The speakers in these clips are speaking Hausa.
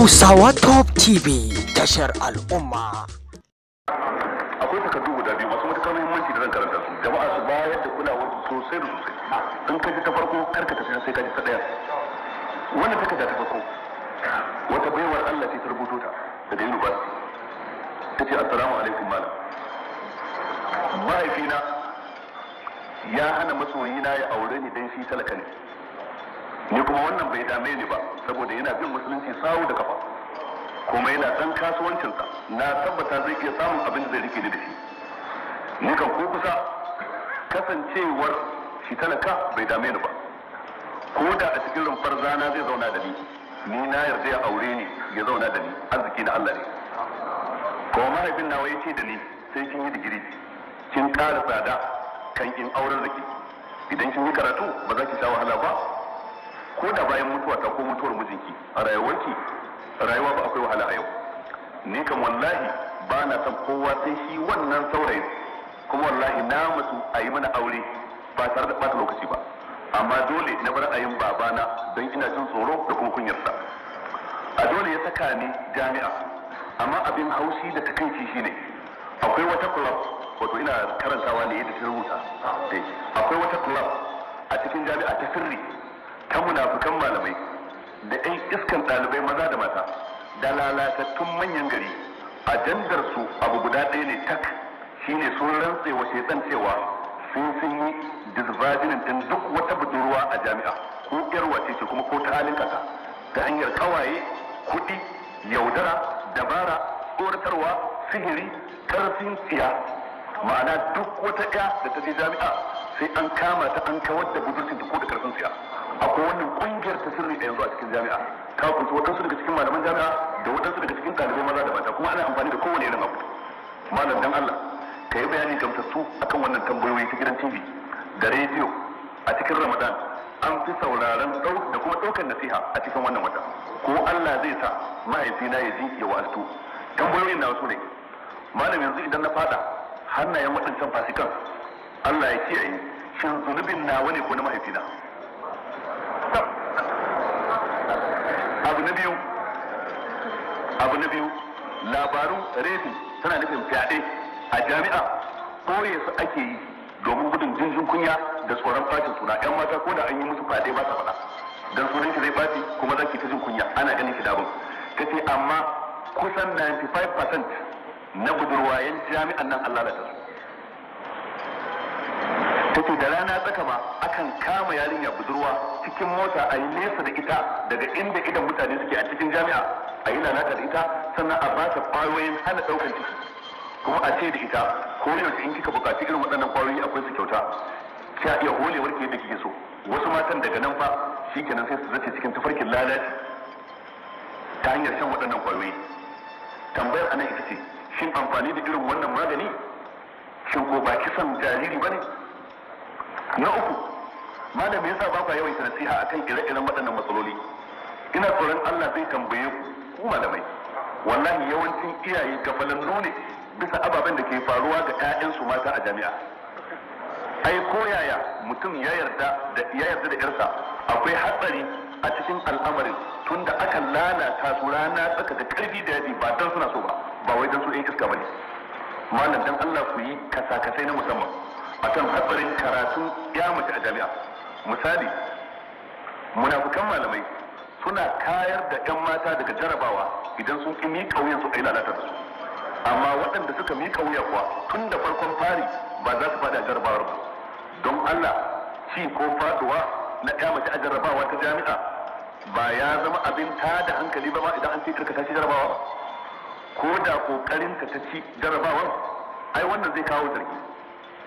Hausawa Top TV tashar al'umma. Akwai takardu guda biyu masu matuƙar muhimmanci da zan karanta su. Jama'a su bayar da kulawa sosai da sosai. In ka ji ta farko kar ka tafi sai ka ji ta ɗaya. Wannan takarda ta farko wata baiwar Allah ce ta rubuto ta daga university. Ta ce assalamu alaikum malam. Mahaifina ya hana masoyina ya aure ni dan shi talaka ne. ni kuma wannan bai dame ni ba saboda yana bin musulunci sawu da kafa kuma yana dan kasuwancinsa na tabbata zai iya samun abin da zai rike da shi ni kan ko kusa kasancewar shi talaka bai dame ni ba ko da a cikin rumfar zana zai zauna da ni ni na yarda ya aure ni ya zauna da ni arziki na Allah ne ko mahaifin nawa ya ce da ni sai kin yi digiri kin ƙara tsada kan in auren da ke idan kin yi karatu ba za ki sha wahala ba ko da bayan mutuwa ta ko mutuwar mijinki a rayuwarki rayuwa ba akwai wahala a yau ni kam wallahi ba na san kowa sai shi wannan saurayin kuma wallahi na mutu a yi mana aure ba tare da ɓata lokaci ba amma dole na bar ayin babana don ina jin tsoro da kuma kunyarsa a dole ya saka ni jami'a amma abin haushi da shi shine akwai wata club wato ina karantawa ne yadda ta rubuta eh, akwai wata club a cikin jami'a ta sirri ta munafukan malamai da 'yan iskan ɗalibai maza da mata da lalatattun manyan gari ajandar su abu guda ɗaya ne tak shine sun rantse wa shaitan cewa sun sun yi disvaginin tun duk wata budurwa a jami'a ko yarwa ce kuma ko ta halin kasa ta hanyar kawaye kuɗi yaudara dabara tsoratarwa sihiri karfin tsiya ma'ana duk wata ɗaya da ta je jami'a sai an kama ta an kawar da budurcin ta ko da karfin siya akwai wannan kungiyar ta sirri da yanzu a cikin jami'a ta kunsu waɗansu daga cikin malaman jami'a da waɗansu daga cikin ɗalibai maza da mata kuma ana amfani da kowane irin abu malam dan Allah ka yi bayani gamsassu akan wannan tambayoyi ta gidan TV da rediyo a cikin Ramadan an fi sauraron da kuma ɗaukar nasiha a cikin wannan wata ko Allah zai sa mahaifina ya ji ya wasu tambayoyin na wasu ne malam yanzu idan na fada hannayen waɗancan fasikan Allah ya kiyaye shin zunubin na ne ko na mahaifina abu na biyu abu na biyu labarun refi tana nufin fyaɗe a jami'a ɓoye su ake yi domin gudun jinjin kunya da tsoron fashin suna yan mata ko da an yi musu fyaɗe ba ta faɗa don sunan shi zai fashi kuma za ki ta jin kunya ana ganin shi dabam, ta ce amma kusan 95% na budurwayen jami'an nan Allah ta take da rana tsaka ma akan kama yarinya budurwa cikin mota a yi nesa da ita daga inda idan mutane suke a cikin jami'a a yi lalata da ita sannan a ba ta kwayoyin hana ɗaukar ciki kuma a ce da ita ko yaushe in kika bukaci irin waɗannan kwayoyi akwai su kyauta a iya holewar ke da kike so wasu matan daga nan fa shikenan sai su zace cikin tufarkin lalaci ta hanyar shan waɗannan kwayoyi tambayar anan ita ce shin amfani da irin wannan magani shin ko ba kisan jariri ba ne na uku malami yasa ba ku yawan nasiha akan ire-iren waɗannan matsaloli ina tsoron Allah zai tambaye ku malamai wallahi yawancin iyaye gafalan nune bisa ababen da ke faruwa ga 'ya'yansu mata a jami'a ai ko yaya mutum ya yarda da ya yarda da yarsa akwai hatsari a cikin al'amarin tunda aka lalata su rana tsaka da karfi da yadi ba dan suna so ba ba wai dan su ɗan iska ne. malam dan Allah ku yi kasa-kasai na musamman akan hatsarin karatu ya mace a jami'a misali munafukan malamai suna kayar da 'yan mata daga jarabawa idan sun ƙi miƙa wuyan su a yi lalata su amma waɗanda suka miƙa wuya kuwa tun da farkon fari ba za su faɗi a jarabawar ba don Allah ci ko faɗuwa na ya mace a jarabawa ta jami'a ba ya zama abin ta da hankali ba ma idan an ce karka ta ci jarabawa ko da ƙoƙarinta ta ci jarabawar ai wannan zai kawo zargi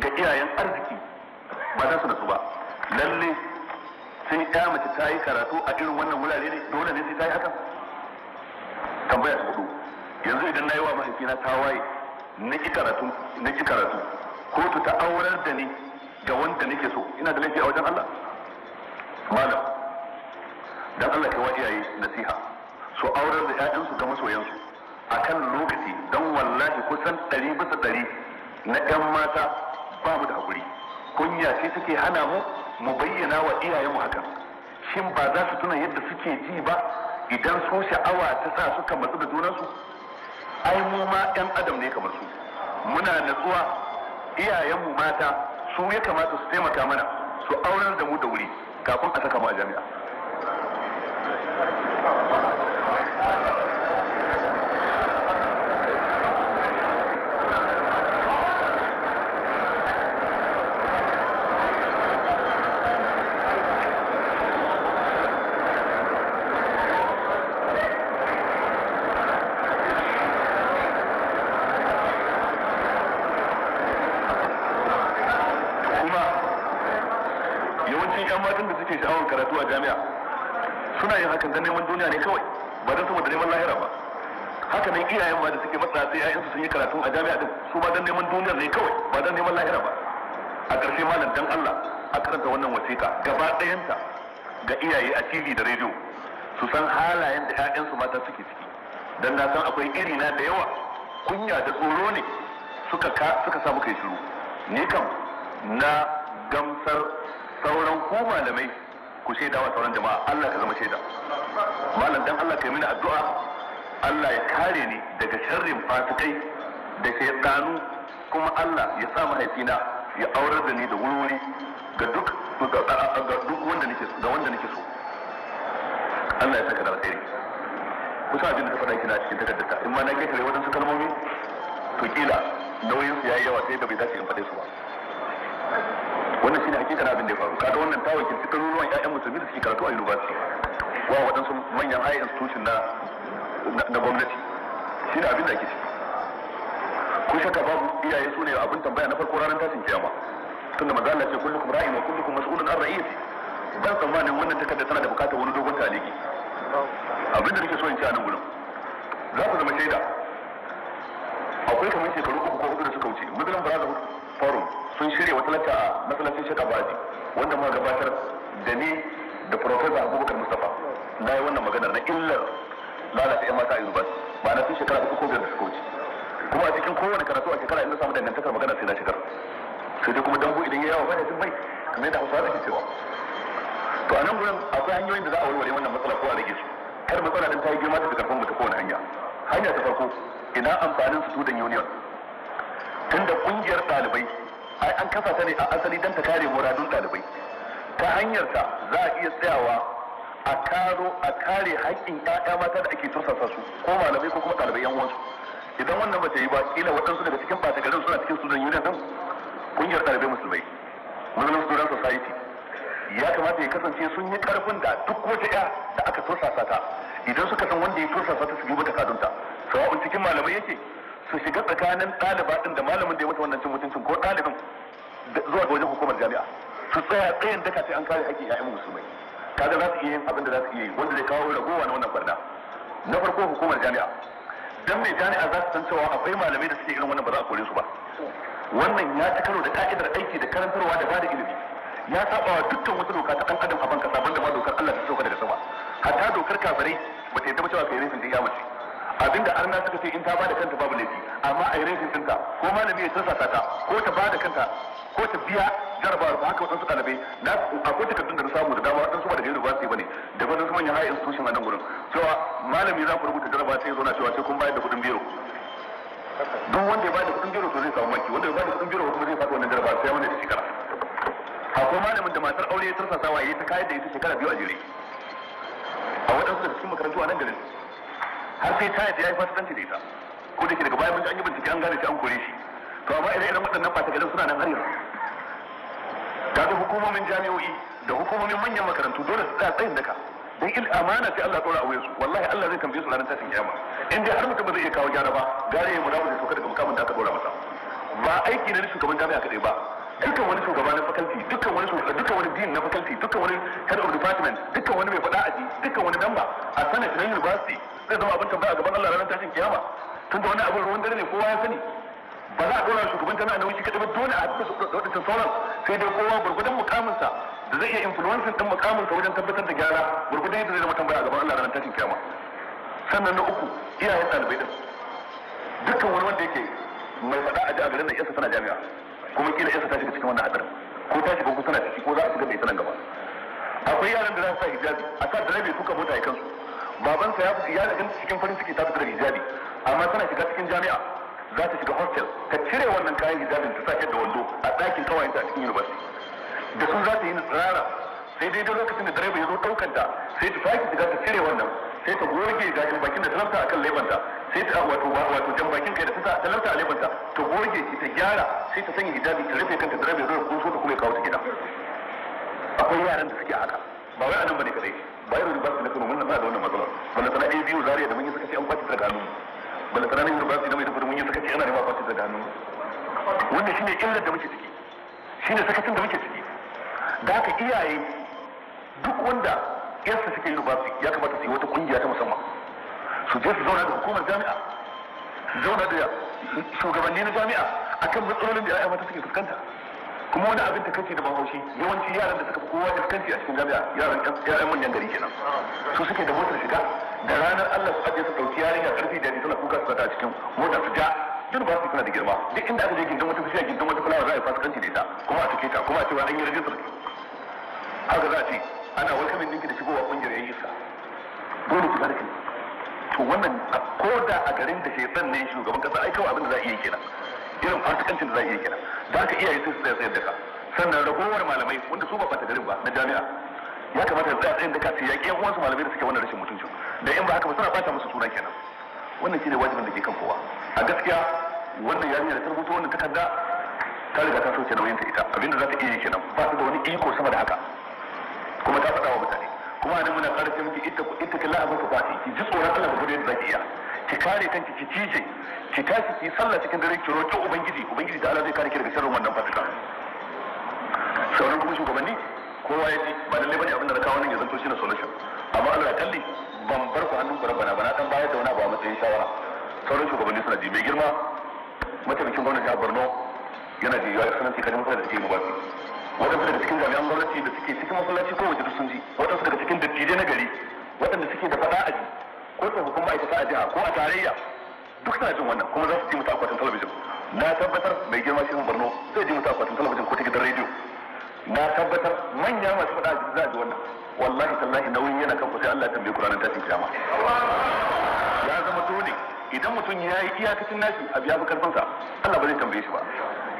ga iyayen arziki ba za su su ba lalle sai ya mace ta yi karatu a irin wannan wurare ne dole ne sai ta yi haka tambaya su hudu yanzu idan na yi wa mahaifina ta waye na ki karatu kotu ta aurar da ni ga wanda nake so ina da laifi a wajen Allah malam dan Allah kai wa iyaye nasiha su aurar da ƴaƴansu ga masoyansu akan lokaci dan wallahi kusan ɗari bisa ɗari na ƴan mata ba da haƙuri kunya ce take hana mu mu bayyana wa iyayenmu hakan shin ba za su tuna yadda suke ji ba idan su sha'awa ta sa suka matsu da junansu ai mu ma 'yan adam ne kamar su muna natsuwa iyayenmu mata su ya kamata su taimaka mana su aurar da mu da wuri kafin a saka mu a jami'a jami'a suna yin hakan don neman duniya ne kawai ba don saboda neman lahira ba haka ne iyayen ma da suke matsa sai ƴaƴansu sun yi karatu a jami'a din su ba don neman duniya ne kawai ba don neman lahira ba a ƙarshe malam dan Allah a karanta wannan wasiƙa gaba ɗayanta ga iyaye a TV da rediyo su san halayen da ƴaƴansu mata suke ciki dan na san akwai iri na da yawa kunya da tsoro ne suka ka suka sa muka yi shiru ni kam na gamsar sauran ko malamai ku shaida wa sauran jama'a Allah ka zama shaida malam dan Allah ka yi mini addu'a Allah ya kare ni daga sharrin fasikai da tsanu kuma Allah ya sa mahaifina ya aurar da ni da wuri ga duk ga duk wanda nake ga wanda nake so Allah ya saka da alheri ku sa jin da faɗa kina cikin takaddata in ma na wajen wadansu kalmomi to kila nauyin su yayi yawa sai da bai dace in faɗe su ba wannan shi hakika hakikar abin da ya faru kaga wannan ta wakilci ɗaruruwan ƴaƴan musulmi da suke karatu a university wa waɗansu manyan high institution na na gwamnati ne abin da ake ciki ko shakka babu iyaye su ne abin tambaya na farko ranar tashin kiyama tunda maza Allah ce kullukum ra'in wa kullukum mas'ulun an ra'is ban tsammanin wannan takarda tana da bukatar wani dogon taliki abin da nake so in ce a nan gurin za ku zama shaida akwai kamar shekaru uku ko hudu da suka wuce muslim brotherhood forum sun shirya wata lacca a masallacin shaka baji wanda muka gabatar da ni da profesa abubakar mustapha na yi wannan maganar na illar lalata yan mata a yunibas ba na sun shekara uku ko biyar da suka wuce kuma a cikin kowane karatu a shekara inda samu dangantakar magana sai na shigar sai dai kuma dambu idan ya yawa bane sun bai kamar yadda hausawa da ke cewa to a nan gurin akwai hanyoyin da za a warware wannan matsala ko a rage su kar matsala din ta yi girma ta fi karfin mutu kowane hanya hanya ta farko ina amfanin student union tunda kungiyar ɗalibai ai an kafa ta ne a asali don ta kare muradun ɗalibai ta hanyarta za a iya tsayawa a karo a kare haƙƙin ƴaƴa mata da ake tursasa su ko malamai ko kuma ɗalibai yan wasu idan wannan ba yi ba kila waɗansu daga cikin ɓata garin suna cikin sudan union ɗin kungiyar ɗalibai musulmai muslim student society ya kamata ya kasance sun yi ƙarfin da duk wata ƴa da aka tursasa ta idan suka san wanda ya tursasa ta su duba takadunta sawa'un cikin malamai yake su shiga tsakanin ɗaliba ɗin da malamin da ya mutu wannan cin mutuncin ko ɗalibin zuwa ga wajen hukumar jami'a su tsaya tsayin daka sai an kare haƙƙin ƴaƴan musulmai kaga za su iya yin abin da za su iya yi wanda zai kawo ragowa na wannan barna na farko hukumar jami'a dan mai jami'a za su san cewa akwai malamai da suke irin wannan ba za a kore su ba wannan ya ci karo da ka'idar aiki da karantarwa da bada ilimi ya saba wa dukkan wata doka ta ɗan adam a banka saban da ma dokar Allah ta sauka daga sama hatta dokar kafirai ba ta yadda ba cewa kai rufin da ya mace abinda arna suka ce in ta bada kanta babu laifi amma a yi rashin ko malami ya sassa ta ko ta bada kanta ko ta biya jarabawar ba haka waɗansu ɗalibai na akwai takardun da na samu da dama waɗansu ba daga university ba ne da su manyan high institution a nan gurin cewa malami za ku rubuta jarabawar sai zauna cewa sai kun bayar da kuɗin biro duk wanda ya bayar da kuɗin biro to zai samu maki wanda ya bayar da kuɗin biro kuma zai faɗi wannan jarabawar, sai wanda ya shekara akwai malamin da matar aure ya tursasawa ya ta kayar da ita shekara biyu a jere a wadansu da cikin makarantu a nan garin har sai ta yadda ya yi fasikanci da ita ko da ke daga baya mun an yi bincike an gane shi an kore shi to amma idan irin waɗannan ba tagadan suna nan har yanzu ga hukumomin jami'o'i da hukumomin manyan makarantu dole su tsaya tsayin daka don il amana sai Allah dora a wuyansu wallahi Allah zai tambaye su ranar tashin kiyama in dai har mutum ba zai iya kawo gyara ba gare ya murabu da sauka daga mukamin da aka dora masa ba aiki na shugaban jami'a kaɗai ba dukkan wani shugaba na faculty dukkan wani dukkan wani dean na faculty dukkan wani head of department dukkan wani mai faɗa aji dukkan wani damba a senate na university zai zama abin tambaya a gaban Allah ranar tashin kiyama tun da wani abin ruwan dare ne kowa ya sani ba za a dora shugaban jami'a na wuce kadai ba dole a haɗu da waɗancan sauran sai dai kowa gurgudan mukaminsa da zai iya influencing din mukaminsa wajen tabbatar da gyara gurgudan yadda zai zama tambaya a gaban Allah ranar tashin kiyama sannan na uku iyayen ɗalibai din dukkan wani wanda yake mai faɗa a jami'a garin da yasa tana jami'a kuma kila yasa ta shiga cikin wannan hadarin ko ta shiga ko tana ciki ko za a shiga da ita nan gaba akwai yaran da za su sa hijabi a sa direbe suka mota a kansu babansa ya fi ya da cikin farin ciki ta fitar da hijabi amma tana shiga cikin jami'a za ta shiga hostel ta cire wannan kayan hijabin ta sa da wando a ɗakin kawayenta a cikin university da sun za ta yi tsirara sai dai lokacin da direba ya zo daukan ta sai ta sake ta ta cire wannan sai ta goge gashin bakin da talanta akan lebanta sai ta wato wato jan bakin kai da ta talanta a lebanta ta goge shi ta gyara sai ta sanya hijabi ta rufe kanta direba ya zo ko so ta kuma ya kawo ta gida akwai yaran da suke haka ba wai anan bane kadai ba irin ba su da kuma mun da wannan matsala wanda sana a biyu zariya da mun yi suka ce an kwace daga hannu wanda sana ne ba su da mai tafi mun yi suka ce ana nema kwace daga hannu wannan shine illar da muke ciki shine sakacin da muke ciki da haka iyaye duk wanda su suke su ya kamata su yi wata kungiya ta musamman su je su zauna da hukumar jami'a su zauna da shugabanni na jami'a akan matsalolin da ya'ya mata suke fuskanta kuma wani abin takaici da haushi yawanci yaran da suka fi kowa fuskanci a cikin jami'a yaran yaran manyan gari kenan su suke da motar shiga da ranar Allah su aje su ɗauki yarinya karfi da tana kuka su a cikin motar su ja duk ba su tana da girma duk inda aka je gindin wata bishiya gindin wata fulawa za a yi fasikanci da ita kuma a cike ta kuma a cewa an yi rajistar haka za a ce ana welcoming ɗinki da shigowa ƙungiyar ya isa dole ku zarafi to wannan ko da a garin da shaitan ne shugaban kasa ai kawai abin da za a iya kenan irin fasikancin da za a iya kenan da haka iya sai su tsaya tsayar da ka sannan ragowar malamai wanda su ba ta garin ba na jami'a ya kamata su tsaya tsayar da ka su yaƙi yan uwansu malamai da suke wannan rashin mutuncin da in ba haka ba suna bata musu suna kenan wannan shine wajibin da ke kan kowa a gaskiya wannan yarinya da ta rubuta wannan takarda ta riga ta soke nauyin ta ita abinda za ta iya yi kenan ba ta da wani iko sama da haka kuma ta faɗa wa mutane kuma nan muna ƙarfi miki ita ita kalla la'a ka fati ki ji tsoron Allah ba gudun zaki iya ki kare kanki ki cije ki tashi ki sallah cikin dare ki roƙi ubangiji ubangiji da Allah zai kare ki daga sharrin wannan fatika sauran kuma shugabanni kowa ya ji ba lalle bane abin da na kawo nan ya zanto shi na solution amma Allah ya kalli ban bar ku hannun ku rabana bana dan bayar da wani abu a matsayin shawara sauran shugabanni suna ji mai girma mataimakin gwamnati a Borno yana ji ya sanar ki mutane da take mu ba waɗansu daga cikin jami'an gwamnati da suke cikin masallaci ko waje sun ji waɗansu daga cikin dattijai na gari waɗanda suke da faɗa aji ko tsofaffin ma'aikata a jiha ko a tarayya duk suna jin wannan kuma za su ji mutu akwatin talabijin na tabbatar mai girma shi borno zai ji mutu akwatin talabijin ko ta gidan rediyo na tabbatar manya masu faɗa aji za a ji wannan wallahi tallahi nauyin yana kan ku sai Allah ya tambaye ku ranar tashin kiyama ya zama dole idan mutum ya yi iyakacin nashi a ya fi karfinsa Allah ba zai tambaye shi ba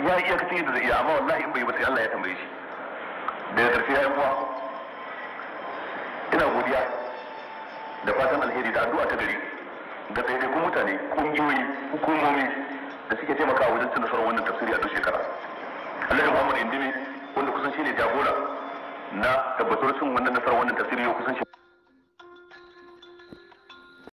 ya yi iyakacin yadda zai iya amma wallahi in bai ba sai Allah ya tambaye shi daga ƙarshe ya yi uwa ina godiya da fatan alheri da addu'a ta gari da ɗaiɗaikun mutane ƙungiyoyi hukumomi da suke taimakawa wajen cin nasarar wannan tafsiri a duk shekara Alhaji Muhammad Indimi wanda kusan shine jagora na tabbatar cin wannan nasarar wannan tafsiri yau kusan shekara